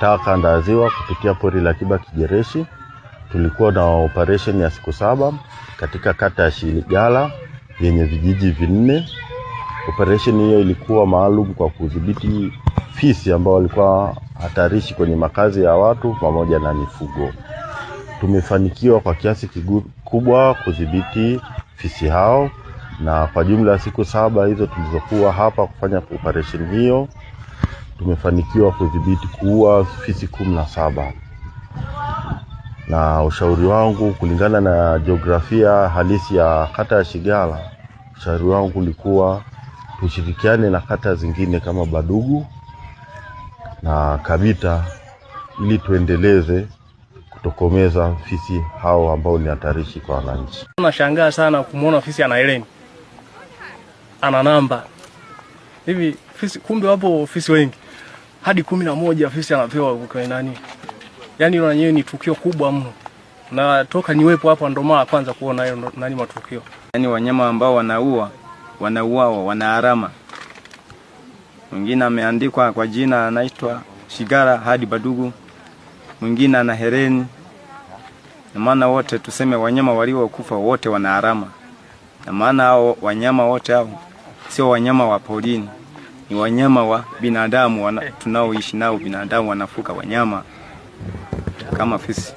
taa kanda kupitia pori la Kiba Kijereshi. Tulikuwa na operation ya siku saba katika kata ya Shiligala yenye vijiji vinne. Operation hiyo ilikuwa maalum kwa kudhibiti fisi ambao walikuwa hatarishi kwenye makazi ya watu pamoja na mifugo. Tumefanikiwa kwa kiasi kikubwa kudhibiti fisi hao, na kwa jumla ya siku saba hizo tulizokuwa hapa kufanya operation hiyo tumefanikiwa kudhibiti kuua fisi kumi na saba na ushauri wangu kulingana na jiografia halisi ya kata ya Shigala, ushauri wangu ulikuwa tushirikiane na kata zingine kama Badugu na Kabita ili tuendeleze kutokomeza fisi hao ambao ni hatarishi kwa wananchi. Nashangaa sana kumwona fisi ana ana namba hivi. Fisi kumbe wapo fisi wengi hadi kumi na moja afisa anapewa kwa nani. Yaani hilo lenyewe ni tukio kubwa mno, na toka niwepo hapa ndo mara kwanza kuona hiyo nani matukio. Yaani wanyama ambao wanaua wanauawa, wana harama. Mwingine ameandikwa kwa jina anaitwa Shigara hadi Badugu, mwingine ana hereni. Na maana wote tuseme wanyama waliokufa wote wana harama, na maana hao wanyama wote hao sio wanyama wa porini ni wanyama wa binadamu wana, tunaoishi nao binadamu wanafuka wanyama kama fisi.